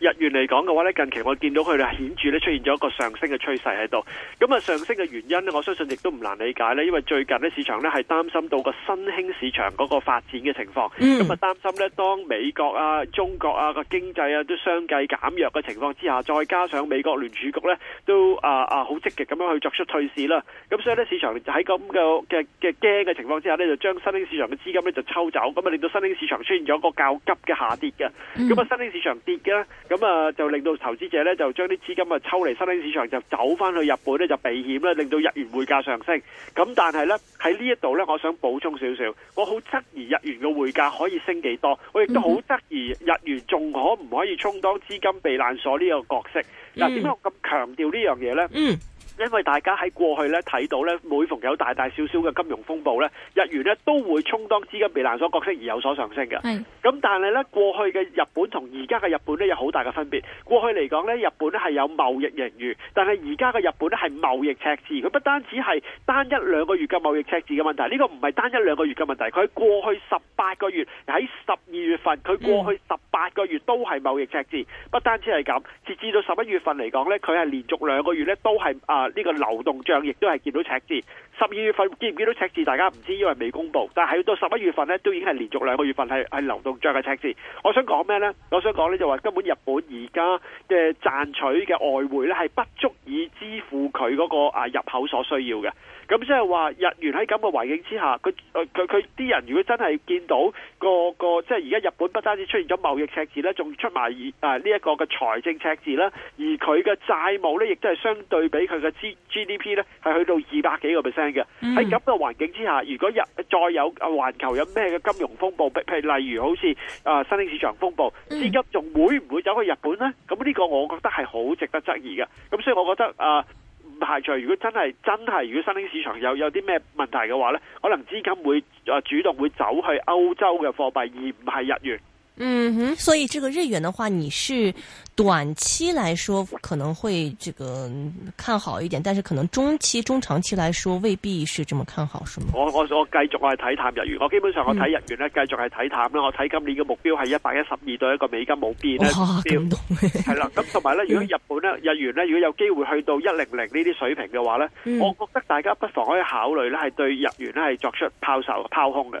日元嚟講嘅話呢，近期我見到佢哋顯著呢，出現咗一個上升嘅趨勢喺度。咁啊上升嘅原因呢，我相信亦都唔難理解呢，因為最近市場呢係擔心到個新興市場嗰個發展嘅情況，咁啊擔心呢當美國啊、中國啊個經濟啊都相繼減弱嘅情況之下，再加上美國聯儲局呢都啊啊好積極咁樣去作出退市啦，咁所以呢市場就喺咁嘅嘅嘅驚嘅情況之下呢，就將新興市場嘅資金呢就抽走，咁啊令到新興市場出現咗一個較急嘅下跌嘅，咁、嗯、啊新興市場跌嘅。咁啊，就令到投資者咧，就將啲資金啊抽離，新興市場就走翻去日本咧，就避險啦，令到日元匯價上升。咁但係咧，喺呢一度咧，我想補充少少，我好質疑日元嘅匯價可以升幾多，我亦都好質疑日元仲可唔可以充當資金避難所呢個角色。嗱、mm -hmm. 啊，點解我咁強調呢樣嘢呢？Mm -hmm. 因為大家喺過去咧睇到咧，每逢有大大小小嘅金融風暴咧，日元咧都會充當資金避難所角色而有所上升嘅。咁但係咧，過去嘅日本同而家嘅日本咧有好大嘅分別。過去嚟講咧，日本咧係有貿易盈餘，但係而家嘅日本咧係貿易赤字。佢不單止係單一兩個月嘅貿易赤字嘅問題，呢、這個唔係單一兩個月嘅問題。佢喺過去十八個月喺十二月份，佢過去十八個月都係貿易赤字。嗯、不單止係咁，直至到十一月份嚟講咧，佢係連續兩個月咧都係啊。呃呢個流動帳亦都係見到赤字。十二月份見唔見到赤字？大家唔知，因為未公布。但係到十一月份呢，都已經係連續兩個月份係係流動帳嘅赤字。我想講咩呢？我想講呢，就話根本日本而家嘅賺取嘅外匯呢，係不足以支付佢嗰個啊入口所需要嘅。咁即係話日元喺咁嘅環境之下，佢佢佢啲人，如果真係見到個個即係而家日本不單止出現咗貿易赤字咧，仲出埋啊呢一個嘅財政赤字啦，而佢嘅債務咧亦都係相對比佢嘅 G G D P 咧係去到二百幾個 percent 嘅。喺咁嘅環境之下，如果日再有環球有咩嘅金融風暴，譬如例如好似啊新興市場風暴，資、mm. 金仲會唔會走去日本呢？咁呢個我覺得係好值得質疑嘅。咁所以我覺得啊。排除，如果真係真係，如果新興市場有有啲咩問題嘅話咧，可能資金會誒主動會走去歐洲嘅貨幣，而唔係日元。嗯哼，所以這個日元的話，你是短期來說可能會這個看好一點，但是可能中期、中長期來說未必是這麼看好，是嗎？我我我繼續我係睇淡日元，我基本上我睇日元咧，繼續係睇淡啦、嗯。我睇今年嘅目標係一百一十二對一個，美金冇變咧。哇，咁係啦，咁同埋咧，如果日本咧日元咧，如果有機會去到一零零呢啲水平嘅話咧、嗯，我覺得大家不妨可以考慮咧，係對日元咧係作出拋售、拋空嘅。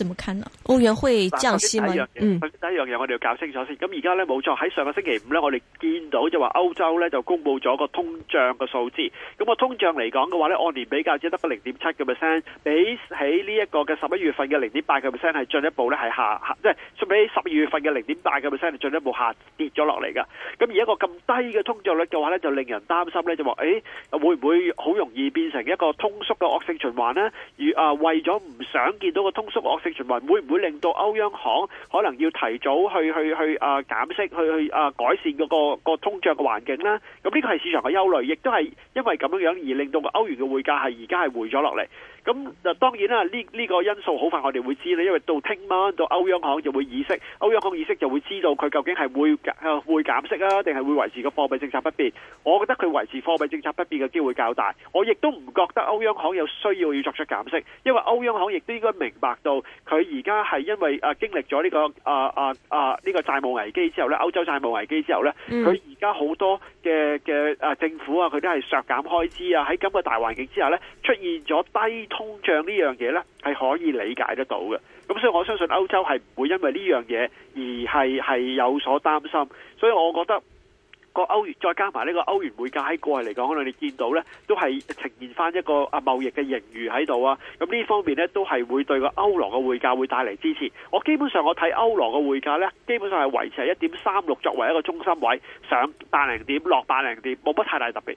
怎麼看呢？歐元會降息嗎？第一樣嘢、嗯、我哋要搞清楚先。咁而家呢，冇錯，喺上個星期五呢，我哋見到就話歐洲呢，就公布咗個通脹嘅數字。咁，個通脹嚟講嘅話呢，按年比較只得個零點七嘅 percent，比起呢一個嘅十一月份嘅零點八嘅 percent 係進一步呢，係下下，即係比十二月份嘅零點八嘅 percent 係進一步下跌咗落嚟噶。咁而一個咁低嘅通脹率嘅話呢，就令人擔心呢，就話誒、哎、會唔會好容易變成一個通縮嘅惡性循環呢？而啊為咗唔想見到個通縮惡性會唔會令到歐央行可能要提早去去去啊減息，去去啊改善嗰個個通脹嘅環境呢？咁呢個係市場嘅憂慮，亦都係因為咁樣樣而令到歐元嘅匯價係而家係回咗落嚟。咁嗱，當然啦，呢呢個因素好快我哋會知咧，因為到聽晚到歐央行就會議息，歐央行議息就會知道佢究竟係會啊會減息啊，定係會維持個貨幣政策不變？我覺得佢維持貨幣政策不變嘅機會較大。我亦都唔覺得歐央行有需要要作出減息，因為歐央行亦都應該明白到。佢而家係因為經歷了、這個、啊經歷咗呢個啊啊啊呢個債務危機之後咧，歐洲債務危機之後咧，佢而家好多嘅嘅啊政府啊，佢都係削減開支啊。喺咁嘅大環境之下咧，出現咗低通脹呢樣嘢呢，係可以理解得到嘅。咁所以我相信歐洲係唔會因為呢樣嘢而係係有所擔心。所以我覺得。個歐元再加埋呢個歐元匯價喺過去嚟講，可能你見到呢都係呈現翻一個啊貿易嘅盈餘喺度啊。咁呢方面呢都係會對個歐羅嘅匯價會帶嚟支持。我基本上我睇歐羅嘅匯價呢，基本上係維持喺一點三六作為一個中心位，上百零點，落百零點，冇乜太大特別。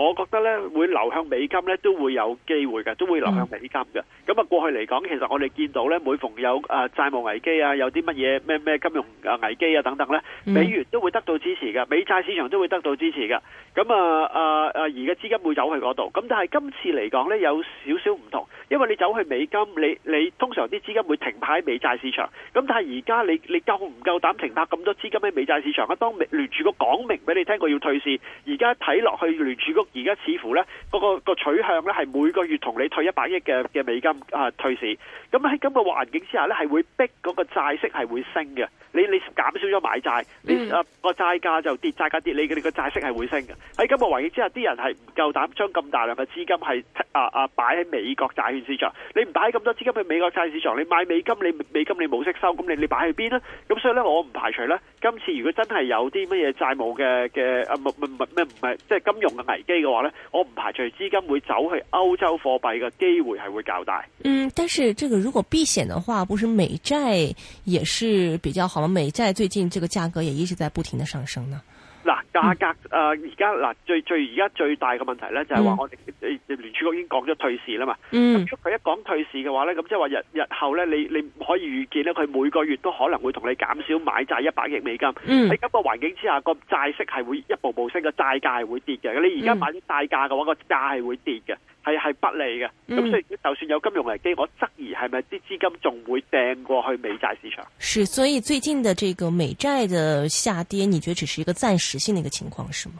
我覺得咧會流向美金咧都會有機會嘅，都會流向美金嘅。咁啊過去嚟講，其實我哋見到咧，每逢有啊債務危機啊，有啲乜嘢咩咩金融危機啊等等咧，美元都會得到支持嘅，美債市場都會得到支持嘅。咁啊啊而家資金會走去嗰度。咁但係今次嚟講咧有少少唔同，因為你走去美金，你你通常啲資金會停泊喺美債市場。咁但係而家你你夠唔夠膽停泊咁多資金喺美債市場啊？當聯儲局講明俾你聽過要退市。而家睇落去聯儲局。而家似乎呢，嗰、嗰個嗰個取向呢係每個月同你退一百億嘅嘅美金啊退市，咁喺咁嘅環境之下呢係會逼嗰個債息係會升嘅。你你減少咗買債，你啊個債價就跌，債價跌，你你個債息係會升嘅。喺今日環境之下，啲人係唔夠膽將咁大量嘅資金係、呃、啊啊擺喺美國債券市場。你唔擺咁多資金去美國債市場，你買美金，你美金你冇息收，咁你你擺去邊呢？咁所以咧，我唔排除咧，今次如果真係有啲乜嘢債務嘅嘅啊唔唔即係金融嘅危機嘅話咧，我唔排除資金會走去歐洲貨幣嘅機會係會較大。嗯，但是這個如果避險的話，不是美債也是比較好。美債最近這個價格也一直在不停的上升呢。嗱，價格誒，而家嗱最最而家最大嘅問題咧就係話我哋誒聯儲局已經講咗退市啦嘛。嗯。咁如果佢一講退市嘅話咧，咁即係話日日後咧，你你可以預見咧，佢每個月都可能會同你減少買債一百億美金。嗯。喺咁個環境之下，個債息係會一步步升，個債價係會跌嘅。你而家買啲債價嘅話，個價係會跌嘅。係係不利嘅，咁所以就算有金融危機、嗯，我質疑係咪啲資金仲會掟過去美債市場？是，所以最近的這個美債的下跌，你覺得只是一個暫時性的一個情況，是嗎？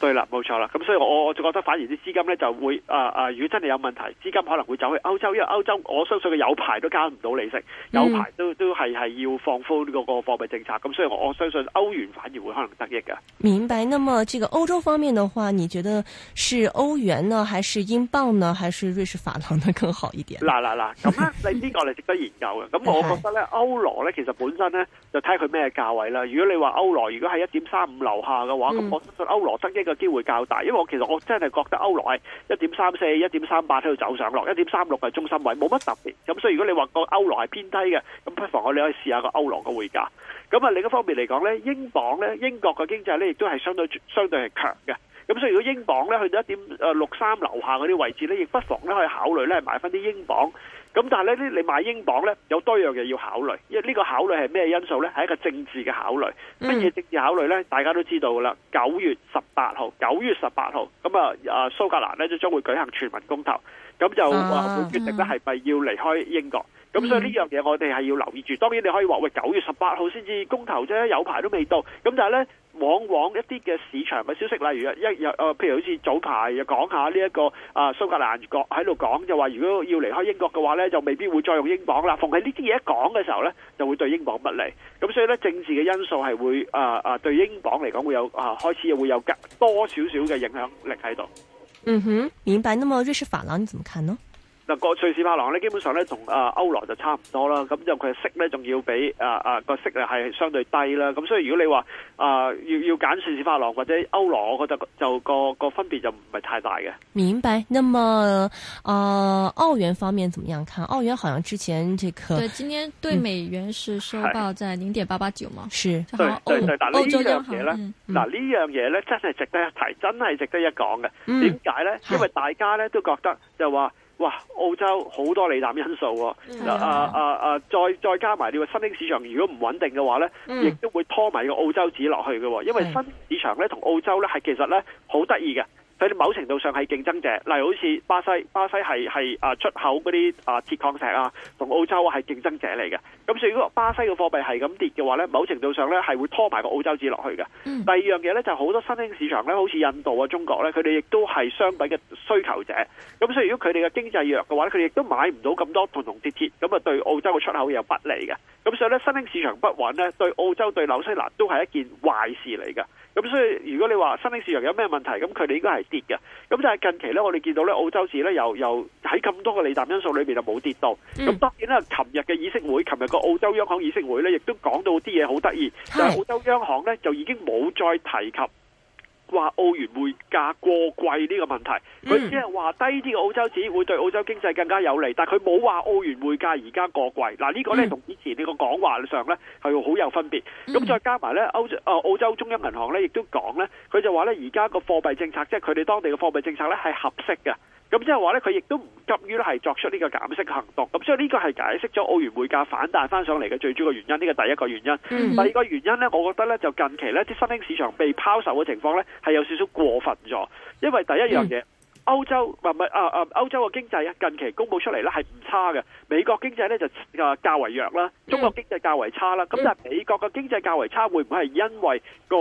對啦，冇錯啦，咁所以我我就覺得反而啲資金呢就會誒誒、呃呃，如果真係有問題，資金可能會走去歐洲，因為歐洲我相信佢有排都加唔到利息，有排都都係係要放寬嗰個貨幣政策，咁所以我我相信歐元反而會可能得益嘅。明白，那麼這個歐洲方面的話，你覺得是歐元呢，還是英鎊？呢還是瑞士法郎呢更好一點？嗱嗱嗱，咁、啊、呢、啊這個我哋值得研究嘅。咁我覺得呢 歐羅呢其實本身呢，就睇佢咩價位啦。如果你話歐羅如果係一點三五樓下嘅話，咁、嗯、我相信歐羅得一嘅機會較大。因為我其實我真係覺得歐羅係一點三四、一點三八喺度走上落，一點三六係中心位，冇乜特別。咁所以如果你話個歐羅係偏低嘅，咁不妨我哋可以試下個歐羅嘅匯價。咁啊另一方面嚟講呢，英鎊呢，英國嘅經濟呢，亦都係相對相對係強嘅。咁所以如果英鎊咧去到一點誒六三樓下嗰啲位置咧，亦不妨咧去考慮咧買翻啲英鎊。咁但係咧，你買英鎊咧有多樣嘢要考慮，因為呢個考慮係咩因素咧？係一個政治嘅考慮。乜、嗯、嘢政治考慮咧？大家都知道噶啦。九月十八號，九月十八號，咁啊蘇格蘭咧就將會舉行全民公投，咁就話會決定咧係咪要離開英國。咁、啊嗯、所以呢樣嘢我哋係要留意住、嗯。當然你可以話喂，九月十八號先至公投啫，有排都未到。咁但係咧。往往一啲嘅市場嘅消息，例如一譬如好似早排又講下呢、這、一個啊蘇格蘭國喺度講，就話如果要離開英國嘅話呢，就未必會再用英鎊啦。逢喺呢啲嘢一講嘅時候呢，就會對英鎊不利。咁所以呢，政治嘅因素係會啊啊、呃、對英鎊嚟講會有啊開始會有多少少嘅影響力喺度。嗯哼，明白。那麼瑞士法郎，你怎麼看呢？嗱，個瑞士法郎咧，基本上咧同啊歐羅就差唔多啦。咁就佢嘅息咧，仲要比啊啊個息啊係相對低啦。咁所以如果你話啊要要揀瑞士法郎或者歐羅，我覺得就個個分別就唔係太大嘅。明白。那麼啊、呃、澳元方面點樣看，澳元好像之前這個對今天對美元是收報在零點八八九嘛。是。對，對，對歐但這歐洲央行呢樣嘢咧，嗱呢樣嘢咧真係值得一提，真係值得一講嘅。點解咧？因為大家咧都覺得就話。哇！澳洲好多利淡因素啊、嗯，啊啊啊再再加埋呢個新興市場，如果唔穩定嘅話咧，亦、嗯、都會拖埋個澳洲指落去嘅、啊，因為新市場咧同澳洲咧係其實咧好得意嘅。佢哋某程度上係競爭者，例如好似巴西，巴西係係啊出口嗰啲啊鐵礦石啊，同澳洲係競爭者嚟嘅。咁所以如果巴西嘅貨幣係咁跌嘅話咧，某程度上咧係會拖埋個澳洲紙落去嘅、嗯。第二樣嘢咧，就係好多新興市場咧，好似印度啊、中國咧，佢哋亦都係商品嘅需求者。咁所以如果佢哋嘅經濟弱嘅話咧，佢哋亦都買唔到咁多銅同鐵鐵，咁啊對澳洲嘅出口又不利嘅。咁所以咧，新興市場不穩咧，對澳洲對紐西蘭都係一件壞事嚟嘅。咁所以如果你話新興市場有咩問題，咁佢哋應該係跌嘅。咁但係近期咧，我哋見到咧澳洲市咧又又喺咁多個利淡因素裏面就冇跌到。咁、嗯、當然啦，琴日嘅議息會，琴日個澳洲央行議息會咧，亦都講到啲嘢好得意。但係澳洲央行咧就已經冇再提及。話澳元匯價過貴呢個問題，佢只係話低啲嘅澳洲紙會對澳洲經濟更加有利，但係佢冇話澳元匯價而家過貴。嗱、這、呢個呢同以前呢個講話上咧係好有分別。咁再加埋呢，歐啊澳洲中央銀行呢亦都講呢，佢就話呢而家個貨幣政策即係佢哋當地嘅貨幣政策呢係合適嘅。咁即係話咧，佢亦都唔急於咧係作出呢個減息嘅行動。咁所以呢個係解釋咗澳元匯價反彈翻上嚟嘅最主要嘅原因。呢個第一個原因，嗯，第二個原因呢，我覺得呢就近期呢啲新興市場被拋售嘅情況呢係有少少過分咗。因為第一樣嘢，嗯，歐洲唔係啊啊，歐洲嘅經濟近期公布出嚟呢係唔差嘅。美國經濟呢就啊較為弱啦，中國經濟較為差啦。咁、嗯、但係美國嘅經濟較為差，會唔會係因為個？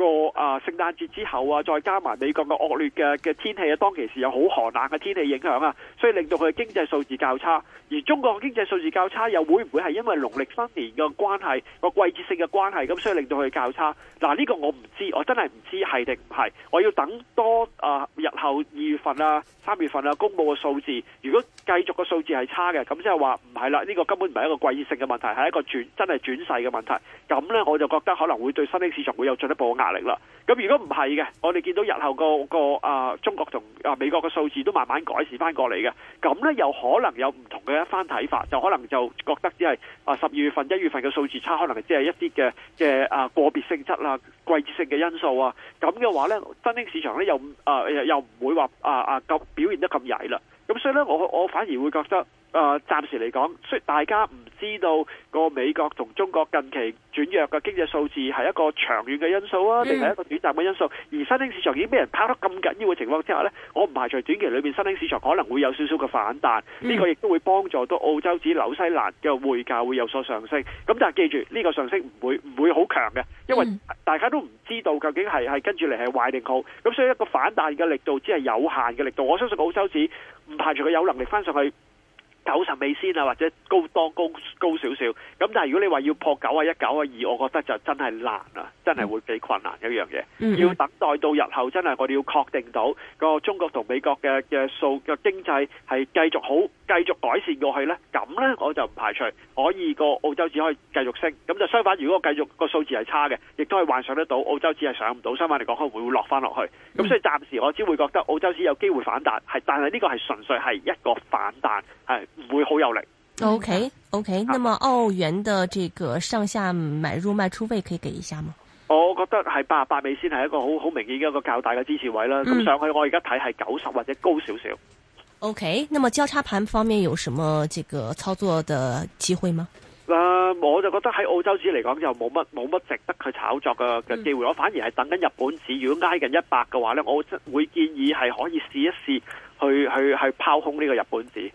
個啊聖誕節之後啊，再加埋美國嘅惡劣嘅嘅天氣啊，當其時有好寒冷嘅天氣影響啊，所以令到佢經濟數字較差。而中國嘅經濟數字較差，又會唔會係因為農曆新年嘅關係個季節性嘅關係咁，所以令到佢較差？嗱、啊、呢、這個我唔知，我真係唔知係定唔係。我要等多啊日後二月份啊、三月份啊公佈嘅數字。如果繼續個數字係差嘅，咁即係話唔係啦。呢、這個根本唔係一個季節性嘅問題，係一個轉真係轉勢嘅問題。咁咧，我就覺得可能會對新興市場會有進一步壓。啦，咁、 嗯、如果唔係嘅，我哋見到日後個個啊，中國同啊美國嘅數字都慢慢改善翻過嚟嘅，咁呢，又可能有唔同嘅一番睇法，就可能就覺得只係啊十二月份一月份嘅數字差，可能係只係一啲嘅嘅啊個別性質啦、季節性嘅因素啊，咁嘅話呢，新興市場呢，又啊又唔會話啊啊咁表現得咁曳啦，咁所以呢，我我反而會覺得啊，暫時嚟講，所以大家唔。知道個美國同中國近期轉弱嘅經濟數字係一個長遠嘅因素啊，定、mm. 係一個短暫嘅因素？而新興市場已經俾人拋得咁緊要嘅情況之下呢，我唔排除短期裏面新興市場可能會有少少嘅反彈，呢、mm. 個亦都會幫助到澳洲紙紐西蘭嘅匯價會有所上升。咁但係記住，呢個上升唔會唔會好強嘅，因為大家都唔知道究竟係係跟住嚟係壞定好。咁所以一個反彈嘅力度只係有限嘅力度。我相信澳洲紙唔排除佢有能力翻上去。九十美仙啊，或者高多高高少少，咁但係如果你話要破九啊一、九啊二，我覺得就真係難啊，真係會比困難一樣嘢。Mm -hmm. 要等待到日後真係我哋要確定到個中國同美國嘅嘅數嘅經濟係繼續好，繼續改善過去咧，咁咧我就唔排除可以個澳洲紙可以繼續升。咁就相反，如果繼續、個數字係差嘅，亦都係幻想得到澳洲紙係上唔到，相反嚟講，可能會落翻落去。咁、mm -hmm. 所以暫時我只會覺得澳洲紙有機會反彈，係但係呢個係純粹係一個反彈係。唔會好有力。O K O K，那麼澳元的這個上下買入、賣出位可以給一下嗎？我覺得係八十八美仙係一個好好明顯嘅一個較大嘅支持位啦。咁、嗯、上去我而家睇係九十或者高少少。O、okay, K，那麼交叉盤方面有什麼這個操作的機會嗎？呃、我就覺得喺澳洲紙嚟講就冇乜冇乜值得去炒作嘅嘅機會、嗯。我反而係等緊日本紙，如果挨近一百嘅話咧，我會建議係可以試一試去去去，去拋空呢個日本紙。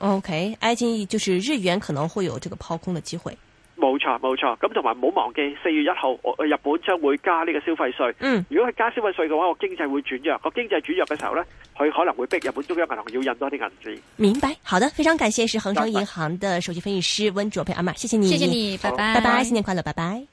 O K，I 建議就是日元可能會有這個拋空的機會。冇錯冇錯，咁同埋唔好忘記四月一號，日本將會加呢個消費稅。嗯，如果係加消費稅嘅話，我經濟會轉弱。個經濟轉弱嘅時候呢，佢可能會逼日本中央銀行要印多啲銀紙。明白，好的，非常感謝是恒生銀行的首席分析師溫灼培阿媽，謝謝你，謝謝你，拜拜，拜拜，新年快樂，拜拜。